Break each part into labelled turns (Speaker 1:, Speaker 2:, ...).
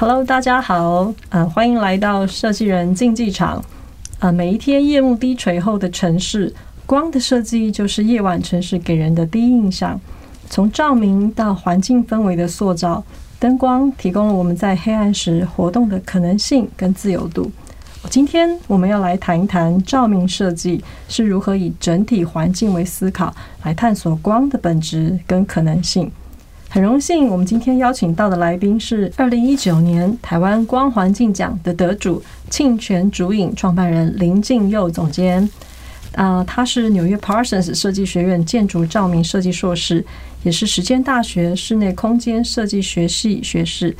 Speaker 1: Hello，大家好，嗯、呃，歡迎來到設計人競技場。呃，每一天夜幕低垂後的城市，光的設計就是夜晚城市給人的第一印象。從照明到環境氛圍的塑造，燈光提供了我們在黑暗時活動的可能性跟自由度。今天我們要來談一談照明設計是如何以整體環境為思考，來探索光的本質跟可能性。很榮幸，我們今天邀請到的來賓是二零一九年台灣光環境獎的得主沁弦築影創辦人林靖祐總監。啊，他是紐約 Parsons 設計學院建築照明設計碩士，也是時間大學室內空間設計學系學士，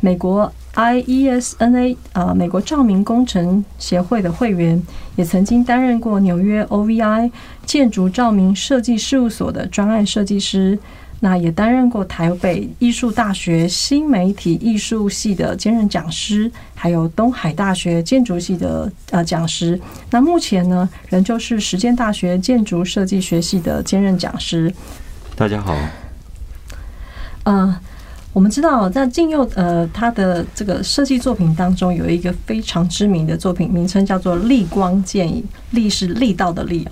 Speaker 1: 美國 I E S N A、呃、美國照明工程協會的會員，也曾經擔任過紐約 O V I 建築照明設計事務所的專案設計師。那也擔任過台北藝術大學新媒體藝術系的兼任講師，還有東海大學建築系的呃講師。那目前呢，仍舊是實踐大學建築設計學系的兼任講師。
Speaker 2: 大家好。
Speaker 1: 呃，我們知道在靖祐呃他的這個設計作品當中，有一個非常知名的作品名稱叫做“力光見影”，“力”力是力道的“力”。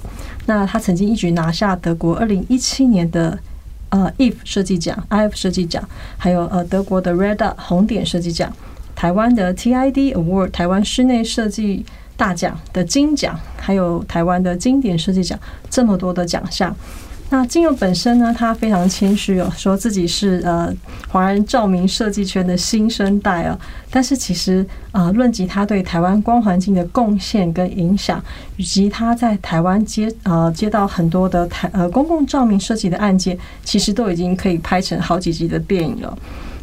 Speaker 1: 那他曾經一舉拿下德國二零一七年的。呃，IF、uh, e、設計獎、IF 設計獎，還有呃、uh, 德國的 Red Dot 紅點設計獎、台灣的 TID Award 台灣室內設計大獎的金獎，還有台灣的經典設計獎，這麼多的獎項。那靖祐本身呢？他非常謙虛哦，說自己是呃華人照明設計圈的新生代啊、喔。但是其實啊，論及他對台灣光環境的貢獻跟影響，以及他在台灣接呃接到很多的台呃公共照明設計的案件，其實都已經可以拍成好幾集的電影了。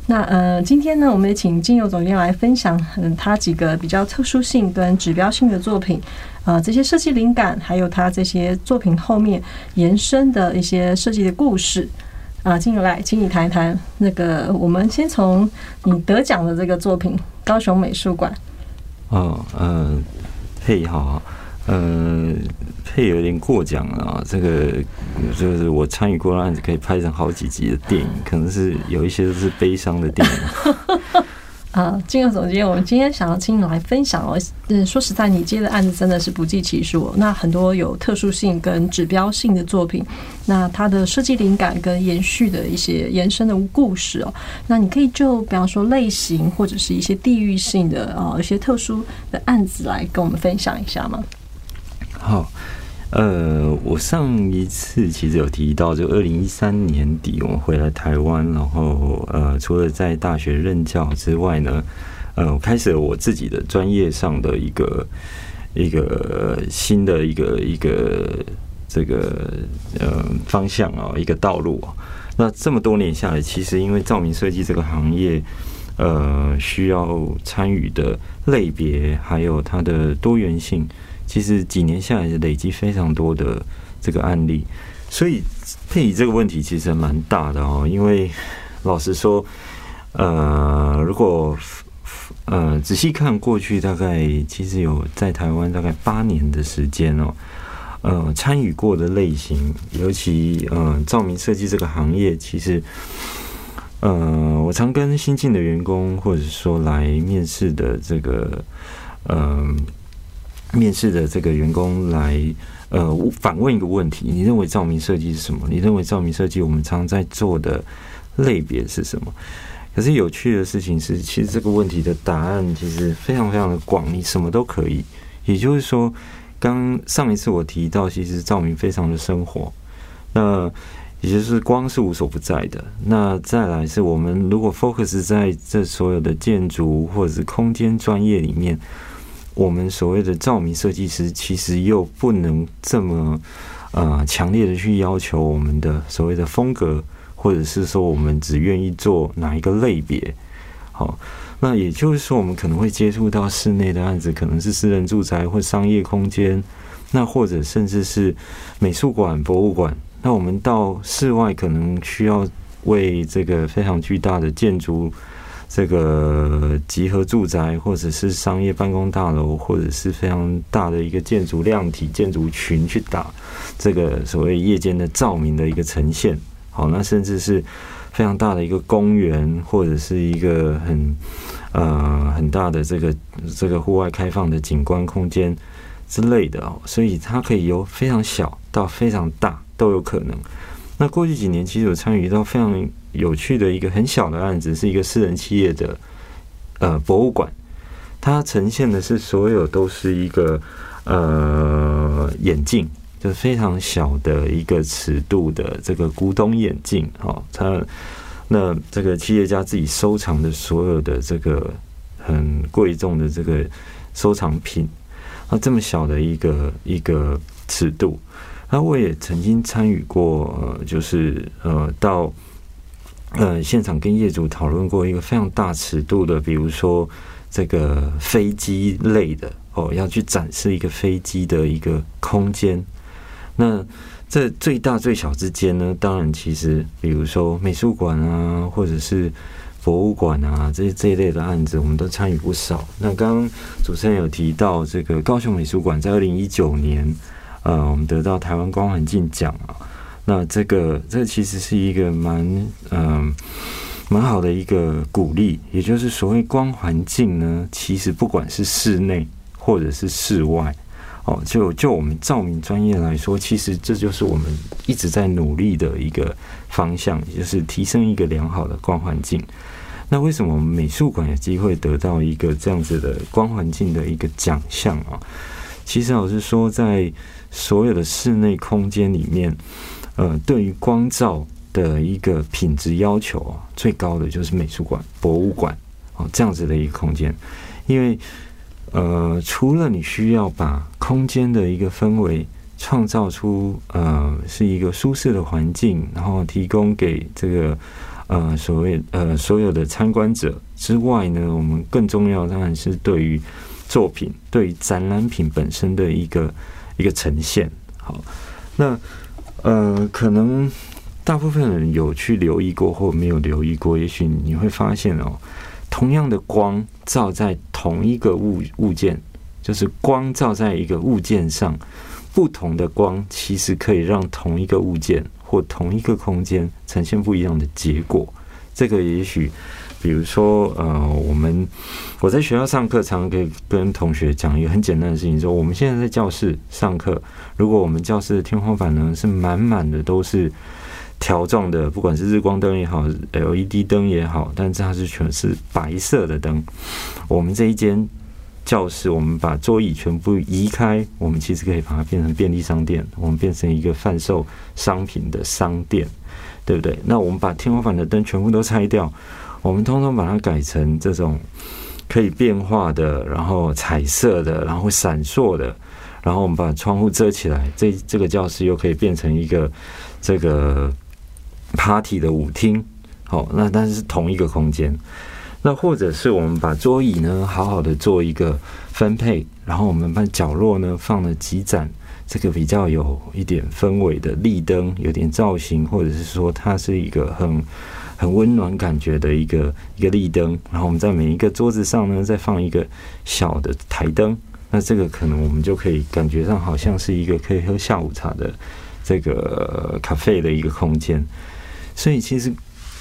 Speaker 1: 那呃，今天呢，我們也請靖祐總監來分享，嗯，他幾個比較特殊性跟指標性的作品，啊、呃，這些設計靈感，還有他這些作品後面延伸的一些設計的故事，啊、呃，靖祐來，請你談一談那個，我們先從你得獎的這個作品——高雄美術館。
Speaker 2: 哦，嗯、呃，嘿哈。好好。呃，配有點過獎了啊、哦！這個就是我參與過的案子，可以拍成好幾集的電影，可能是有一些都是悲傷的電影。
Speaker 1: 啊，靖祐總監，我們今天想要請你來分享哦。嗯，說實在你，你接的案子真的是不計其數、哦，那很多有特殊性跟指標性的作品，那它的設計靈感跟延續的一些延伸的故事哦，那你可以就比方說類型或者是一些地域性的啊、哦、一些特殊的案子來跟我們分享一下嗎？
Speaker 2: 好，呃，我上一次其實有提到，就二零一三年底我回來台灣，然後呃，除了在大學任教之外呢，呃，我開始了我自己的專業上的一個一個新的一個一個這個呃方向啊，一個道路啊。那這麼多年下來，其實因為照明設計這個行業，呃，需要參與的類別還有它的多元性。其實幾年下來累積非常多的這個案例，所以配以這個問題其實蠻大的哦。因為老實說，呃，如果呃仔細看過去，大概其實有在台灣大概八年的時間哦，呃參與過的類型，尤其呃照明設計這個行業，其實呃我常跟新進的員工，或者說來面試的這個，嗯、呃。面試的這個員工來，呃，反問一個問題：你認為照明設計是什麼？你認為照明設計我們常常在做的類別是什麼？可是有趣的事情是，其實這個問題的答案其實非常非常的廣，你什麼都可以。也就是說，剛上一次我提到，其實照明非常的生活，那也就是光是無所不在的。那再來是，我們如果 focus 在這所有的建築或者是空間專業裡面。我們所謂的照明設計師，其實又不能這麼呃強烈的去要求我們的所謂的風格，或者是說我們只願意做哪一個類別。好，那也就是說，我們可能會接觸到室內的案子，可能是私人住宅或商業空間，那或者甚至是美術館、博物館。那我們到室外，可能需要為這個非常巨大的建築。這個集合住宅，或者是商業辦公大樓，或者是非常大的一個建築量體、建築群去打這個所謂夜間的照明的一個呈現。好，那甚至是非常大的一個公園，或者是一個很呃很大的這個這個戶外開放的景觀空間之類的哦。所以它可以由非常小到非常大都有可能。那過去幾年其實有參與到非常。有趣的一個很小的案子，是一個私人企業的呃博物館，它呈現的是所有都是一個呃眼鏡，就非常小的一個尺度的這個古董眼鏡啊，哦，它那這個企業家自己收藏的所有的這個很貴重的這個收藏品，那，啊，這麼小的一個一個尺度，那，啊，我也曾經參與過，呃，就是呃到。呃，現場跟業主討論過一個非常大尺度的，比如說這個飛機類的哦，要去展示一個飛機的一個空間。那在最大最小之間呢？當然，其實比如說美術館啊，或者是博物館啊，這這一類的案子，我們都參與不少。那剛剛主持人有提到，這個高雄美術館在二零一九年，呃，我們得到台灣光環境獎啊。那這個，這其實是一個蠻嗯蠻好的一個鼓勵，也就是所謂光環境呢，其實不管是室內或者是室外哦，就就我們照明專業來說，其實這就是我們一直在努力的一個方向，就是提升一個良好的光環境。那為什麼我們美術館有機會得到一個這樣子的光環境的一個獎項啊？其實老實說，在所有的室內空間裡面。呃，對於光照的一個品質要求啊，最高的就是美術館、博物館啊這樣子的一個空間，因為呃，除了你需要把空間的一個氛圍創造出呃是一個舒適的環境，然後提供給這個呃所謂呃所有的參觀者之外呢，我們更重要當然是對於作品、對於展覽品本身的一個一個呈現。好，那。呃，可能大部分人有去留意過或沒有留意過，也許你會發現哦，同樣的光照在同一個物物件，就是光照在一個物件上，不同的光其實可以讓同一個物件或同一個空間呈現不一樣的結果。這個也許。比如說，呃，我們我在學校上課，常常可以跟同學講一個很簡單的事情：說我們現在在教室上課，如果我們教室的天花板呢是滿滿的都是條狀的，不管是日光燈也好，LED 燈也好，但是它是全是白色的燈。我們這一間教室，我們把桌椅全部移開，我們其實可以把它變成便利商店，我們變成一個販售商品的商店，對不對？那我們把天花板的燈全部都拆掉。我們通通把它改成這種可以變化的，然後彩色的，然後閃爍的。然後我們把窗戶遮起來，這這個教室又可以變成一個這個 party 的舞廳。好，哦，那但是同一個空間。那或者是我們把桌椅呢好好的做一個分配，然後我們把角落呢放了幾盞這個比較有一點氛圍的立燈，有點造型，或者是說它是一個很。很溫暖感覺的一個一個立燈，然後我們在每一個桌子上呢，再放一個小的台燈，那這個可能我們就可以感覺上好像是一個可以喝下午茶的這個咖啡的一個空間。所以其實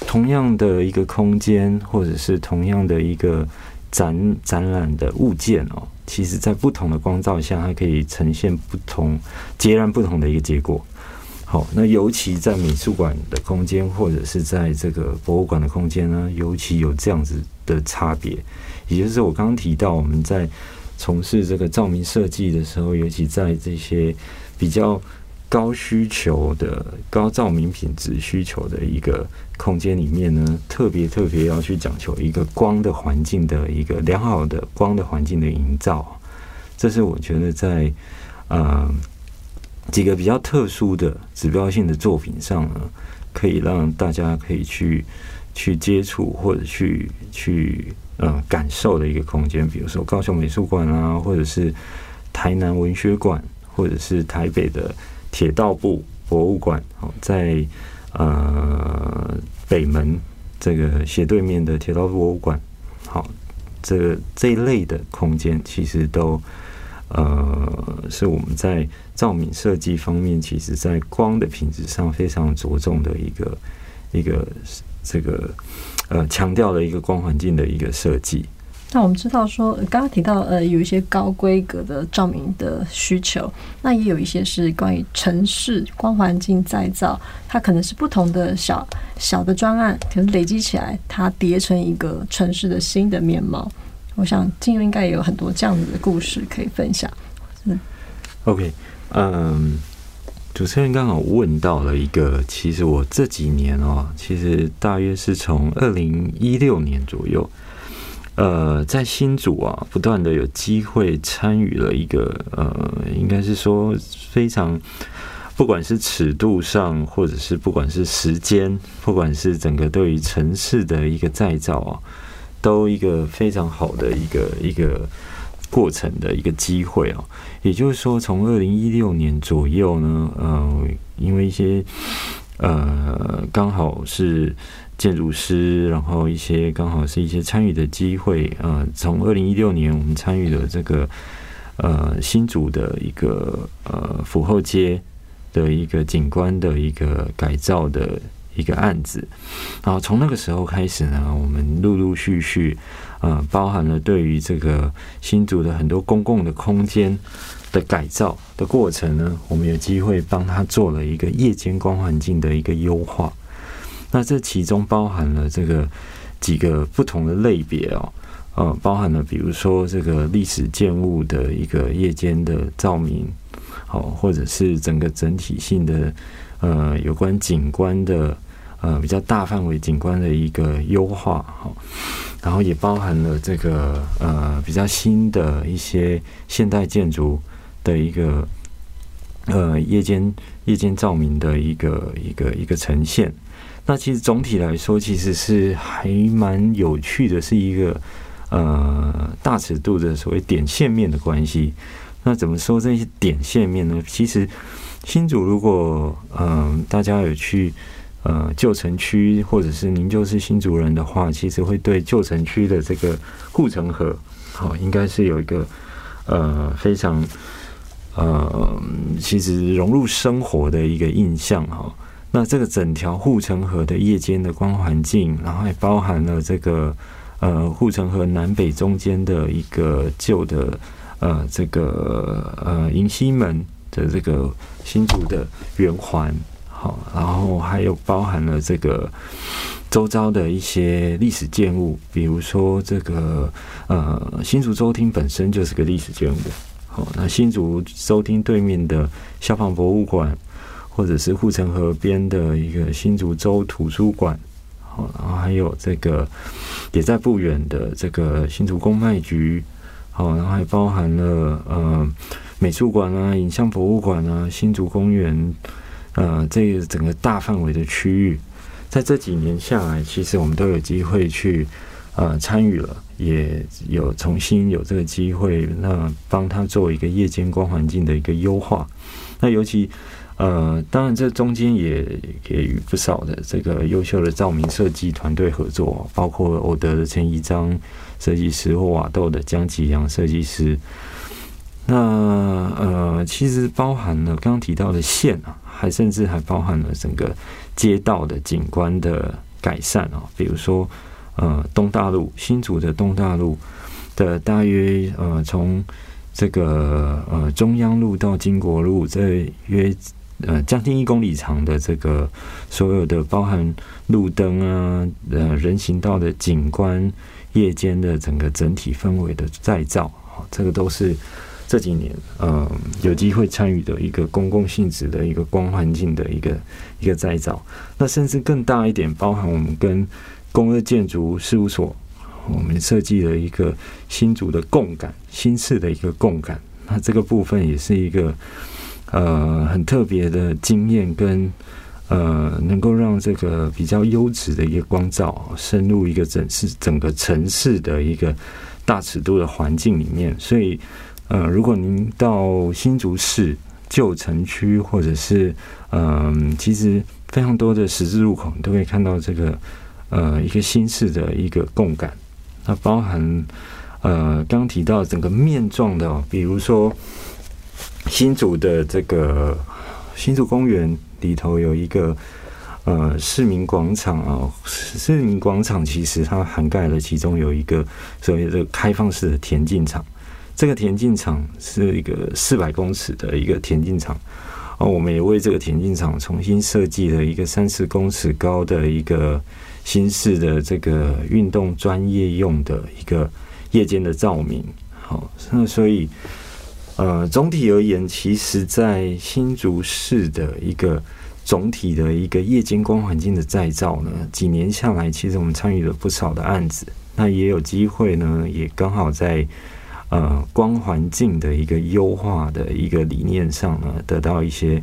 Speaker 2: 同樣的一個空間，或者是同樣的一個展展覽的物件哦，其實在不同的光照下，它可以呈現不同、截然不同的一個結果。好，那尤其在美術館的空間，或者是在這個博物館的空間呢，尤其有這樣子的差別。也就是我剛剛提到，我們在從事這個照明設計的時候，尤其在這些比較高需求的高照明品質需求的一個空間裡面呢，特別特別要去講求一個光的環境的一個良好的光的環境的營造。這是我覺得在嗯、呃。幾個比較特殊的指標性的作品上呢，可以讓大家可以去去接觸或者去去呃感受的一個空間，比如說高雄美術館啊，或者是台南文學館，或者是台北的鐵道部博物館。好，在呃北門這個斜對面的鐵道部博物館，好，這這一類的空間其實都呃是我們在。照明設計方面，其實在光的品質上非常着重的一個一個這個呃強調的一個光環境的一個設計。
Speaker 1: 那我們知道說，剛剛提到呃有一些高規格的照明的需求，那也有一些是關於城市光環境再造，它可能是不同的小小的專案，可能累積起來，它疊成一個城市的新的面貌。我想，靖祐應該也有很多這樣子的故事可以分享。
Speaker 2: 嗯，OK。嗯，主持人剛好問到了一個，其實我這幾年哦、喔，其實大約是從二零一六年左右，呃，在新竹啊，不斷的有機會參與了一個，呃，應該是說非常，不管是尺度上，或者是不管是時間，不管是整個對於城市的一個再造啊，都一個非常好的一個一個過程的一個機會啊。也就是說，從二零一六年左右呢，呃，因為一些呃，剛好是建築師，然後一些剛好是一些參與的機會，呃，從二零一六年我們參與了這個呃新竹的一個呃府後街的一個景觀的一個改造的。一個案子，然後從那個時候開始呢，我們陸陸續續，呃，包含了對於這個新竹的很多公共的空間的改造的過程呢，我們有機會幫他做了一個夜間光環境的一個優化。那這其中包含了這個幾個不同的類別哦，呃，包含了比如說這個歷史建物的一個夜間的照明，好、哦，或者是整個整體性的呃有關景觀的，呃，比較大範圍景觀的一個優化哈，然後也包含了這個呃比較新的一些現代建築的一個呃夜間夜間照明的一個一個一個呈現。那其實總體來說，其實是還蠻有趣的，是一個呃大尺度的所謂點線面的關係。那怎麼說這些點線面呢？其實新竹如果嗯、呃、大家有去。呃，舊城區或者是您就是新竹人的話，其實會對舊城區的這個護城河，好、哦，應該是有一個呃非常呃，其實融入生活的一個印象哈、哦。那這個整條護城河的夜間的光環境，然後還包含了這個呃護城河南北中間的一個舊的呃這個呃迎曦門的這個新竹的圓環。好，然後還有包含了這個周遭的一些歷史建物，比如說這個呃新竹州廳本身就是個歷史建物，好，那新竹州廳對面的消防博物館，或者是護城河邊的一個新竹州圖書館，好，然後還有這個也在不遠的這個新竹公賣局，好，然後還包含了呃美術館啊、影像博物館啊、新竹公園。呃，這個整個大範圍的區域，在這幾年下來，其實我們都有機會去呃參與了，也有重新有這個機會，那幫他做一個夜間光環境的一個優化。那尤其呃，當然這中間也也與不少的這個優秀的照明設計團隊合作，包括歐德的陳一章設計師或瓦豆的江佶洋設計師。那呃，其實包含了剛剛提到的線啊。還甚至還包含了整個街道的景觀的改善哦，比如說呃東大路，新竹的東大路的大約呃從這個呃中央路到經國路這約呃將近一公里長的這個所有的包含路燈啊、呃人行道的景觀、夜間的整個整體氛圍的再造，哦，這個都是。這幾年，嗯、呃，有機會參與的一個公共性質的一個光環境的一個一個再造，那甚至更大一點，包含我們跟工二建築事務所，我們設計的一個新竹的共感，新式的一個共感，那這個部分也是一個呃很特別的經驗跟，跟呃能夠讓這個比較優質的一個光照深入一個整市整個城市的一個大尺度的環境裡面，所以。呃，如果您到新竹市舊城區，或者是嗯、呃，其實非常多的十字路口，你都可以看到這個呃一個新式的一個共感。那包含呃剛提到整個面狀的哦，比如說新竹的這個新竹公園裡頭有一個呃市民廣場哦，市民廣場其實它涵蓋了其中有一個所謂的開放式的田徑場。這個田徑場是一個四百公尺的一個田徑場，啊，我們也為這個田徑場重新設計了一個三十公尺高的一個新式的這個運動專業用的一個夜間的照明。好，那所以，呃，總體而言，其實在新竹市的一個總體的一個夜間光環境的再造呢，幾年下來，其實我們參與了不少的案子，那也有機會呢，也剛好在。呃，光環境的一個優化的一個理念上呢，得到一些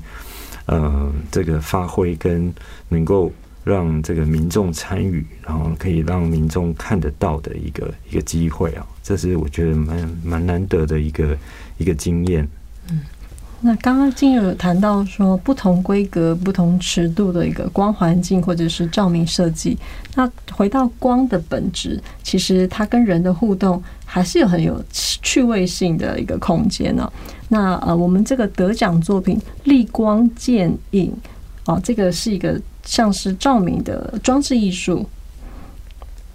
Speaker 2: 呃這個發揮跟能夠讓這個民眾參與，然後可以讓民眾看得到的一個一個機會啊，這是我覺得蠻蠻難得的一個一個經驗。
Speaker 1: 嗯，那剛剛靖祐有談到說不同規格、不同尺度的一個光環境或者是照明設計，那回到光的本質，其實它跟人的互動。還是有很有趣味性的一個空間呢、喔。那呃，我們這個得獎作品《力光見影》哦，喔、這個是一個像是照明的裝置藝術。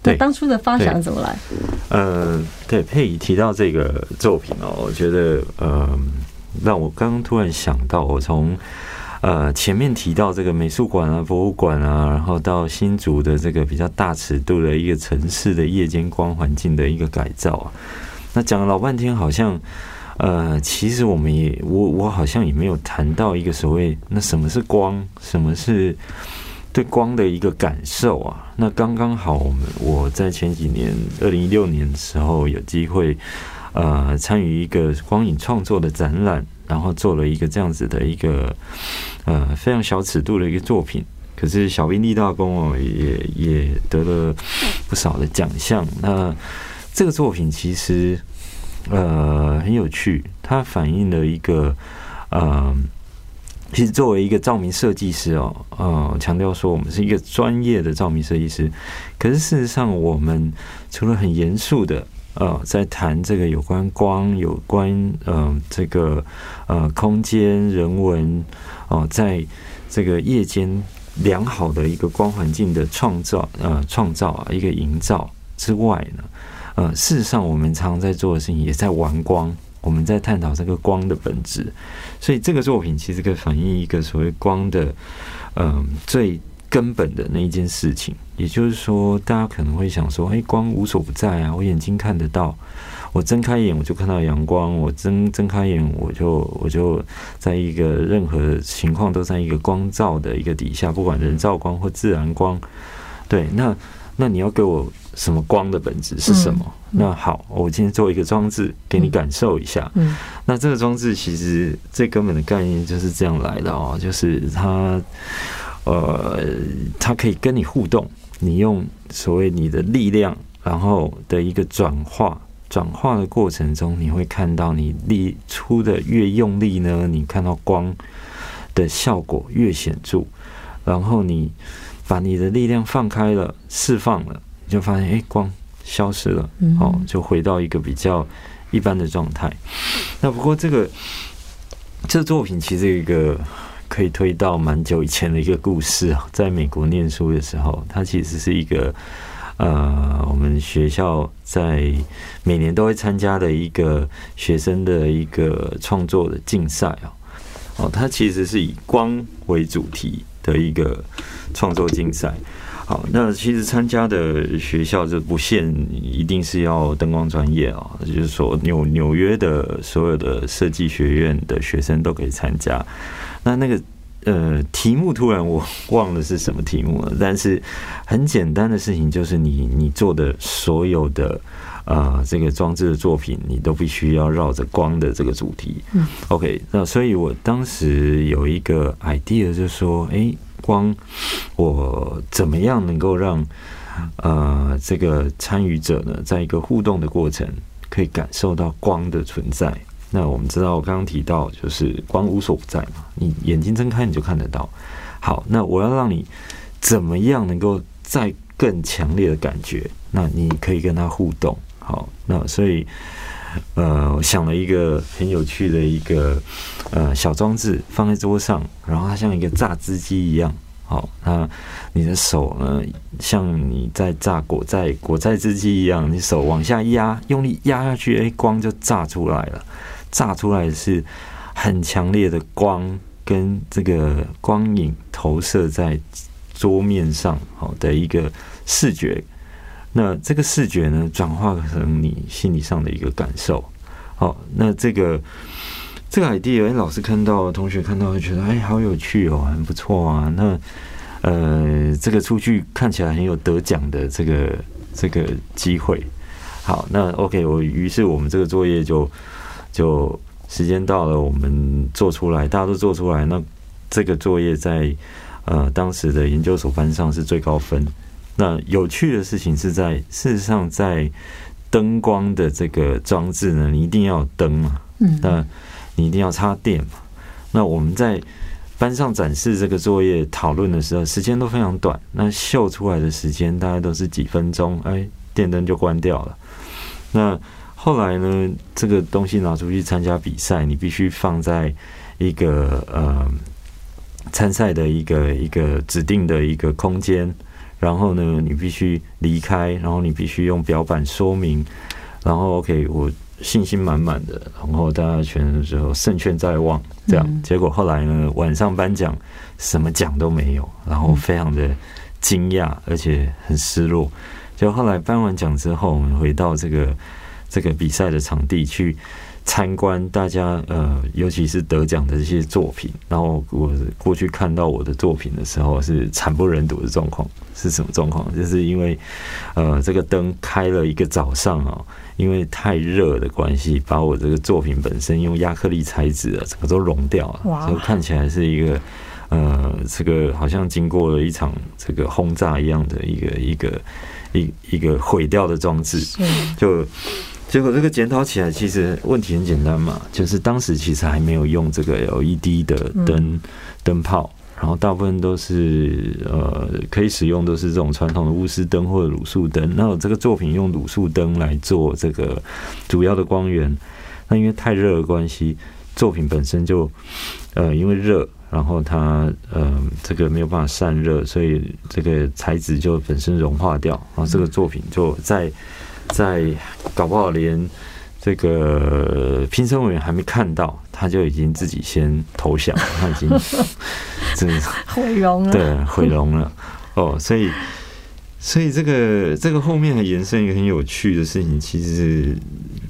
Speaker 2: 對，當初的發想怎麼來？呃，對，佩儀提到這個作品哦、喔，我覺得呃，讓我剛剛突然想到，我從。呃，前面提到這個美術館啊、博物館啊，然後到新竹的這個比較大尺度的一個城市的夜間光環境的一個改造啊，那講了老半天，好像呃，其實我們也我我好像也沒有談到一個所謂那什麼是光，什麼是對光的一個感受啊。那剛剛好，我們我在前幾年二零一六年的時候有機會呃參與一個光影創作的展覽。然後做了一個這樣子的一個呃非常小尺度的一個作品，可是小兵立大功哦，也也得了不少的獎項。那這個作品其實呃很有趣，它反映了一個呃，其實作為一個照明設計師哦，呃強調說我們是一個專業的照明設計師，可是事實上我們除了很嚴肅的。呃，在談這個有關光、有關嗯、呃、這個呃空間人文哦、呃，在這個夜間良好的一個光環境的創造呃創造、啊、一個營造之外呢，呃，事實上我們常在做的事情也在玩光，我們在探討這個光的本質，所以這個作品其實可以反映一個所謂光的嗯、呃、最。根本的那一件事情，也就是說，大家可能會想說：“哎、欸，光無所不在啊！我眼睛看得到，我睜開眼我就看到陽光，我睜睜開眼我就我就在一個任何情況都在一個光照的一個底下，不管人造光或自然光。對，那那你要給我什麼光的本質是什麼？嗯嗯，那好，我今天做一個裝置給你感受一下。嗯嗯，那這個裝置其實最根本的概念就是這樣來的哦，就是它。呃，它可以跟你互動。你用所謂你的力量，然後的一個轉化，轉化的過程中，你會看到你力出的越用力呢，你看到光的效果越顯著。然後你把你的力量放開了、釋放了，你就發現，哎，光消失了，哦，就回到一個比較一般的狀態。那不過這個這作品其實一個。可以推到蠻久以前的一個故事啊，在美國念書的時候，它其實是一個呃，我們學校在每年都會參加的一個學生的一個創作的競賽哦，它其實是以光為主題的一個創作競賽。好，哦，那其實參加的學校就不限，一定是要燈光專業哦，就是說紐紐約的所有的設計學院的學生都可以參加。那那個呃題目突然我忘了是什麼題目了，但是很簡單的事情就是你你做的所有的啊、呃、這個裝置的作品，你都必須要繞着光的這個主題。嗯，OK，那所以我當時有一個 idea 就是說，誒、欸，光，我怎麼樣能夠讓呃這個參與者呢，在一個互動的過程可以感受到光的存在？那我們知道，我剛剛提到就是光無所不在嘛。你眼睛睜開你就看得到。好，那我要讓你怎麼樣能夠再更強烈的感覺？那你可以跟它互動。好，那所以，呃，我想了一個很有趣的一個呃小裝置，放在桌上，然後它像一個榨汁機一樣。好，那你的手呢，像你在榨果菜果菜汁機一樣，你手往下壓，用力壓下去，誒、哎，光就榨出來了。炸出來是很強烈的光，跟這個光影投射在桌面上，好的一個視覺。那這個視覺呢，轉化成你心理上的一個感受。好，那這個這個 idea，蒂、欸，哎，老師看到同學看到，會覺得哎、欸，好有趣哦，很不錯啊。那呃，這個出去看起來很有得獎的這個這個機會。好，那 OK，我於是我們這個作業就。就時間到了，我們做出來，大家都做出來，那這個作業在呃當時的研究所班上是最高分。那有趣的事情是在事實上，在燈光的這個裝置呢，你一定要有燈嘛，嗯，那你一定要插電嘛。那我們在班上展示這個作業討論的時候，時間都非常短，那秀出來的時間大概都是幾分鐘，哎，電燈就關掉了。那。後來呢，這個東西拿出去參加比賽，你必須放在一個呃參賽的一個一個指定的一個空間。然後呢，你必須離開，然後你必須用表板說明。然後 OK，我信心滿滿的，然後大家全的時候勝券在望，這樣。結果後來呢，晚上頒獎什麼獎都沒有，然後非常的驚訝，而且很失落。就後來頒完獎之後，我們回到這個。這個比賽的場地去參觀，大家呃，尤其是得獎的這些作品。然後我過去看到我的作品的時候，是慘不忍睹的狀況。是什麼狀況？就是因為呃，這個燈開了一個早上啊、哦，因為太熱的關係，把我這個作品本身用亞克力材質啊，整個都融掉了。哇所以看起來是一個呃，這個好像經過了一場這個轟炸一樣的一個一個一個一個毀掉的裝置。嗯是，就。結果這個檢討起來，其實問題很簡單嘛，就是當時其實還沒有用這個 LED 的燈燈泡，然後大部分都是呃可以使用都是這種傳統的鎢絲燈或者鹵素燈。那我這個作品用鹵素燈來做這個主要的光源，那因為太熱的關係，作品本身就呃因為熱，然後它呃這個沒有辦法散熱，所以這個材質就本身融化掉，然後這個作品就在。在搞不好連這個評審委員還沒看到，他就已經自己先投降了。他已經，真的
Speaker 1: 毀 容了，對，毀
Speaker 2: 容了哦。所以，所以這個這個後面還延伸一個很有趣的事情，其實是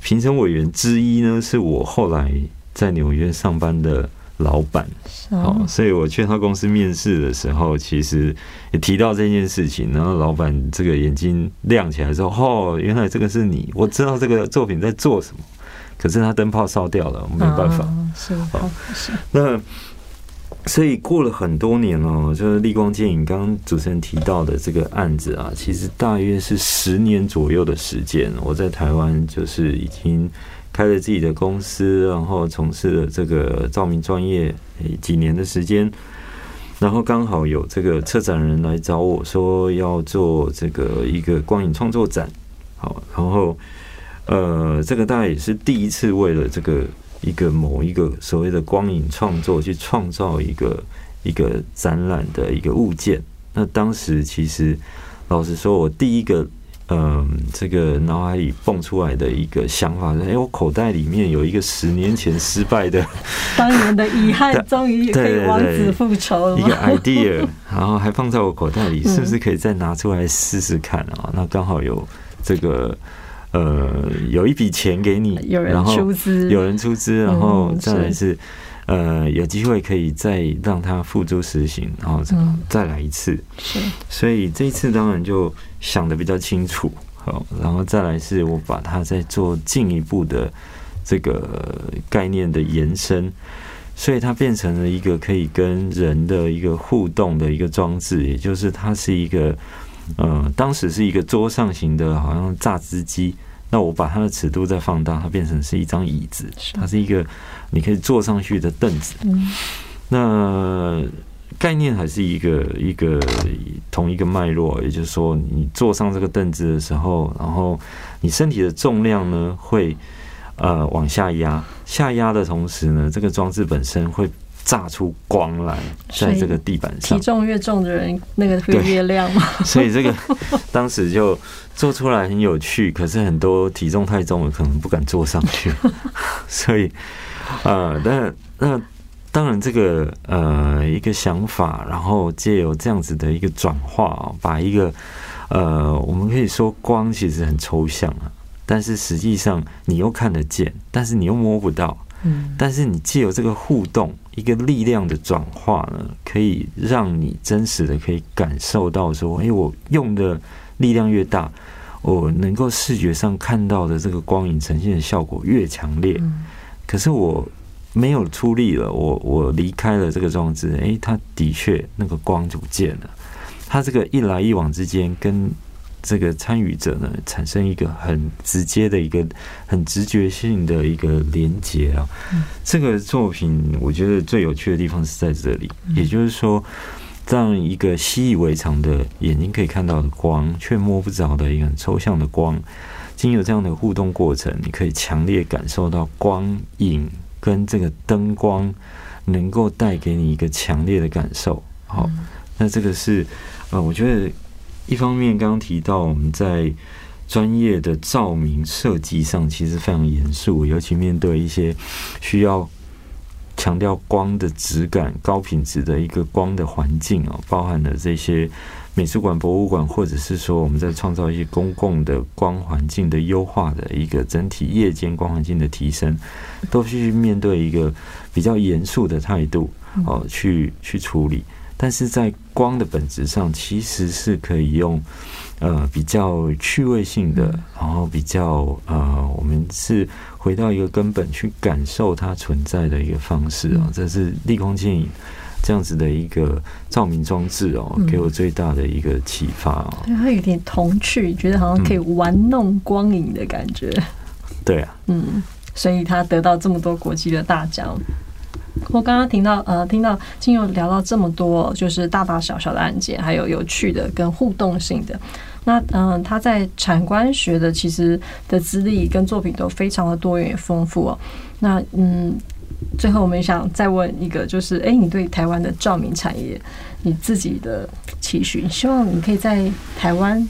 Speaker 2: 評審委員之一呢，是我後來在紐約上班的。老闆，好、哦，所以我去他公司面試的時候，其實也提到這件事情，然後老闆這個眼睛亮起來說：‘哦，原來這個是你，我知道這個作品在做什麼，可是他燈泡燒掉了，沒辦法。啊、是好那，所以過了很多年哦，就力、是、光見影，剛剛主持人提到的這個案子啊，其實大約是十年左右的時間，我在台灣就是已經。開了自己的公司，然後從事了這個照明專業欸，幾年的時間，然後剛好有這個策展人來找我說要做這個一個光影創作展，好，然後呃，這個大概也是第一次為了這個一個某一個所謂的光影創作去創造一個一個展覽的一個物件。那當時其實老實說，我第一個。嗯，這個腦海裡蹦出來的一個想法是：哎，我口袋裡面有一個十年前失敗的，
Speaker 1: 當年的遺憾終於也可以王子復仇了。一個 idea，
Speaker 2: 然後還放在我口袋裡，是不是可以再拿出來試試看啊？嗯，那剛好有這個，呃，有一筆錢給你，有人出資，有人出資，然後再來是。嗯，是。呃，有機會可以再讓它付諸實行，然後再來一次。嗯、是，所以這一次當然就想得比較清楚，好，然後再來是我把它再做進一步的這個概念的延伸，所以它變成了一個可以跟人的一個互動的一個裝置，也就是它是一個，呃，當時是一個桌上型的，好像榨汁機。那我把它的尺度再放大，它變成是一張椅子，它是一個你可以坐上去的凳子。那概念還是一個一個同一個脈絡，也就是說，你坐上這個凳子的時候，然後你身體的重量呢，會呃往下壓，下壓的同時呢，這個裝置本身會。炸出光來，在這個地板上，體
Speaker 1: 重越重的人，那個會越亮嘛，
Speaker 2: 所以這個當時就做出來很有趣，可是很多體重太重的可能不敢坐上去。所以，呃，那那當然這個呃一個想法，然後借由這樣子的一個轉化，把一個呃我們可以說光其實很抽象啊，但是實際上你又看得見，但是你又摸不到，嗯，但是你借由這個互動。一個力量的轉化呢，可以讓你真實的可以感受到說，誒、欸，我用的力量越大，我能夠視覺上看到的這個光影呈現的效果越強烈。可是我沒有出力了，我我離開了這個裝置，誒、欸，它的確那個光就不見了。它這個一來一往之間跟。這個參與者呢，產生一個很直接的一個、很直覺性的一個連接啊。嗯、這個作品我覺得最有趣的地方是在這裡，也就是說，這樣一個習以為常的眼睛可以看到的光，卻摸不着的一個抽象的光，經由這樣的互動過程，你可以強烈感受到光影跟這個燈光能夠帶給你一個強烈的感受。好、哦，那這個是呃，我覺得。一方面，剛剛提到我們在專業的照明設計上其實非常嚴肅，尤其面對一些需要強調光的質感、高品質的一個光的環境哦，包含了這些美術館、博物館，或者是說我們在創造一些公共的光環境的優化的一個整體夜間光環境的提升，都必須面對一個比較嚴肅的態度哦，去去處理。但是在光的本質上，其實是可以用呃比較趣味性的，然後比較呃，我們是回到一個根本去感受它存在的一個方式啊、哦，嗯、這是力光見影這樣子的一個照明裝置哦，嗯、給我最大的一個啟發
Speaker 1: 哦。對，它有點童趣，覺得好像可以玩弄光影的感覺。嗯、對啊，嗯，所以它得到這麼多國際的大獎。我剛剛聽到呃，聽到靖祐聊到這麼多，就是大大小小的案件，還有有趣的跟互動性的。那嗯、呃，他在產官學的其實的資歷跟作品都非常的多元豐富哦。那嗯，最後我們想再問一個，就是哎，你對台灣的照明產業，你自己的期許？希望你可以在台灣。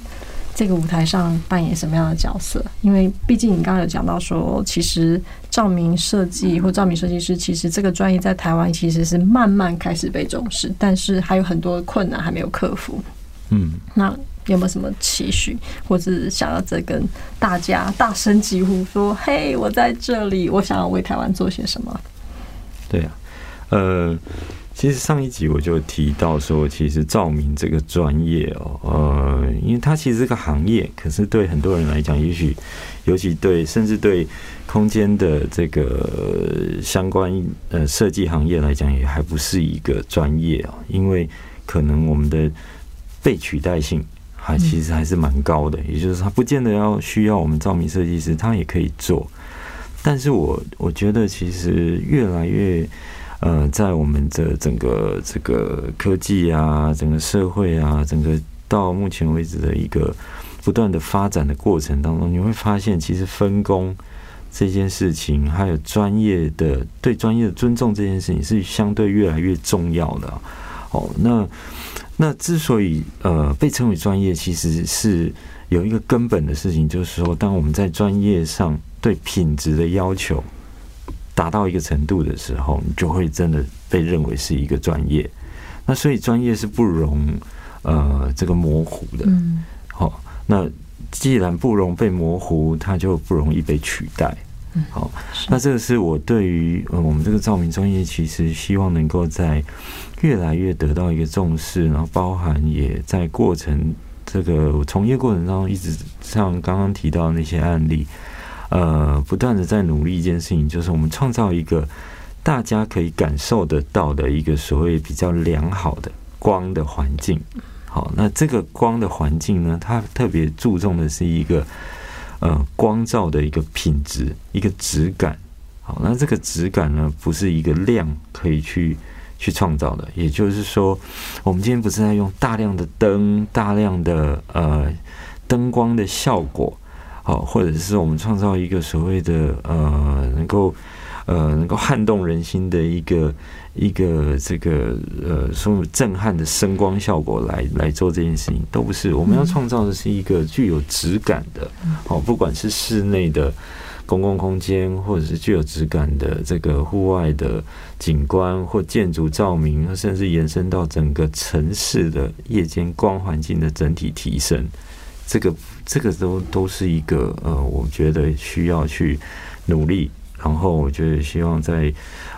Speaker 1: 這個舞台上扮演什麼樣的角色？因為畢竟你剛剛有講到說，其實照明設計或照明設計師，其實這個專業在台灣其實是慢慢開始被重視，但是還有很多困難還沒有克服。嗯，那有沒有什麼期許，或是想要再跟大家大聲疾呼說：“嗯、嘿，我在這裡，我想要為台灣做些什麼？”
Speaker 2: 對呀、啊，呃。其實上一集我就提到說，其實照明這個專業哦，呃，因為它其實這個行業，可是對很多人來講，也許尤其對甚至對空間的這個相關呃設計行業來講，也還不是一個專業哦、啊，因為可能我們的被取代性還其實還是蠻高的，也就是說，它不見得要需要我們照明設計師，它也可以做。但是我我覺得，其實越來越。呃，在我們的整個這個科技啊，整個社會啊，整個到目前為止的一個不斷的發展的過程當中，你會發現，其實分工這件事情，還有專業的對專業的尊重這件事情，是相對越來越重要的。哦，那那之所以呃被稱為專業，其實是有一個根本的事情，就是說，當我們在專業上對品質的要求。達到一個程度的時候，你就會真的被認為是一個專業。那所以專業是不容呃這個模糊的。好、嗯哦，那既然不容被模糊，它就不容易被取代。好、哦，嗯、那這個是我對於、呃、我們這個照明專業，其實希望能夠在越來越得到一個重視，然後包含也在過程這個從業過程當中，一直像剛剛提到的那些案例。呃，不斷的在努力一件事情，就是我們創造一個大家可以感受得到的一個所謂比較良好的光的環境。好，那這個光的環境呢，它特別注重的是一個呃光照的一個品質、一個質感。好，那這個質感呢，不是一個量可以去去創造的。也就是說，我們今天不是在用大量的燈、大量的呃燈光的效果。好，或者是我們創造一個所謂的呃，能夠呃，能夠撼動人心的一個一個這個呃，什麼震撼的聲光效果來來做這件事情，都不是。我們要創造的是一個具有質感的，好，不管是室內的公共空間，或者是具有質感的這個戶外的景觀或建築照明，甚至延伸到整個城市的夜間光環境的整體提升。這個這個都都是一個呃，我覺得需要去努力，然後我覺得希望在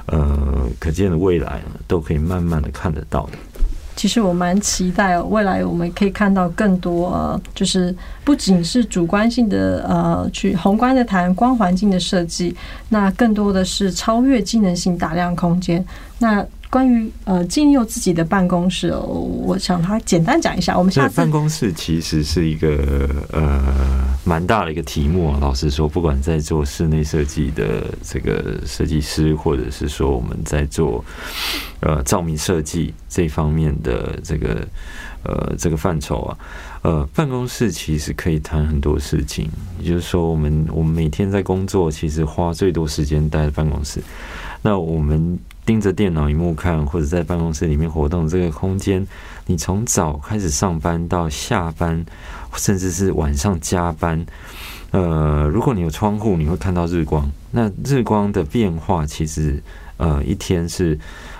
Speaker 2: 呃可見的未來呢，都可以慢慢的看得到的。
Speaker 1: 其實我蠻期待，哦，未來我們可以看到更多，呃、就是不僅是主觀性的呃，去宏觀的談光環境的設計，那更多的是超越機能性打量空間那。關於呃進入自己的辦公室哦，我想他簡單講一下。我們下次辦
Speaker 2: 公室其實是一個呃蠻大的一個題目啊。老實說，不管在做室內設計的這個設計師，或者是說我們在做呃照明設計這方面的這個呃這個範疇啊，呃，辦公室其實可以談很多事情。也就是說，我們我們每天在工作，其實花最多時間待在辦公室。那我們。盯着電腦熒幕看，或者在辦公室裡面活動，這個空間，你從早開始上班到下班，甚至是晚上加班，呃，如果你有窗戶，你會看到日光。那日光的變化其實，呃，一天是，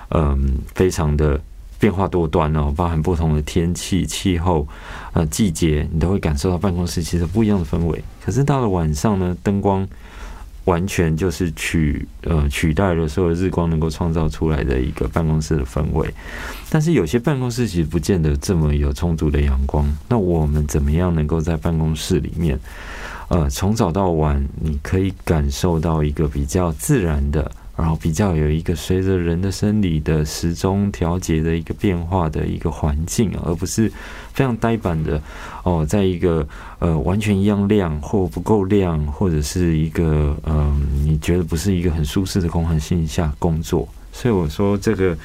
Speaker 2: 嗯、呃，非常的變化多端哦，包含不同的天氣、氣候、呃、季節，你都會感受到辦公室其實不一樣的氛圍。可是到了晚上呢，燈光。完全就是取，呃，取代了所有日光能夠創造出來的一個辦公室的氛圍，但是有些辦公室其實不見得這麼有充足的陽光。那我們怎麼樣能夠在辦公室裡面，呃，從早到晚你可以感受到一個比較自然的。然後比較有一個隨着人的生理的時鐘調節的一個變化的一個環境啊，而不是非常呆板的哦，在一個呃完全一樣亮或不夠亮，或者是一個嗯、呃、你覺得不是一個很舒適的光環境下工作。所以我說，這個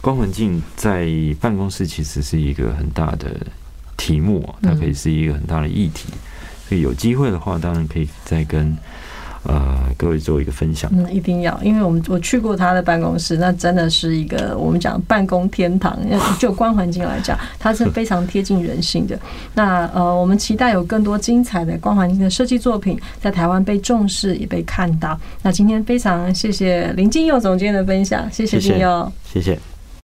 Speaker 2: 光環境在辦公室其實是一個很大的題目啊，它可以是一個很大的議題。所以有機會的話，當然可以再跟。啊，各位做一個分享，嗯，
Speaker 1: 一定要，因為我們我去過他的辦公室，那真的是一個我們講辦公天堂。 就光環境來講，它是非常貼近人性的。那呃，我們期待有更多精彩的光環境的設計作品在台灣被重視，也被看到。那今天非常謝謝林靖祐總監的分享，謝謝靖祐，
Speaker 2: 謝謝。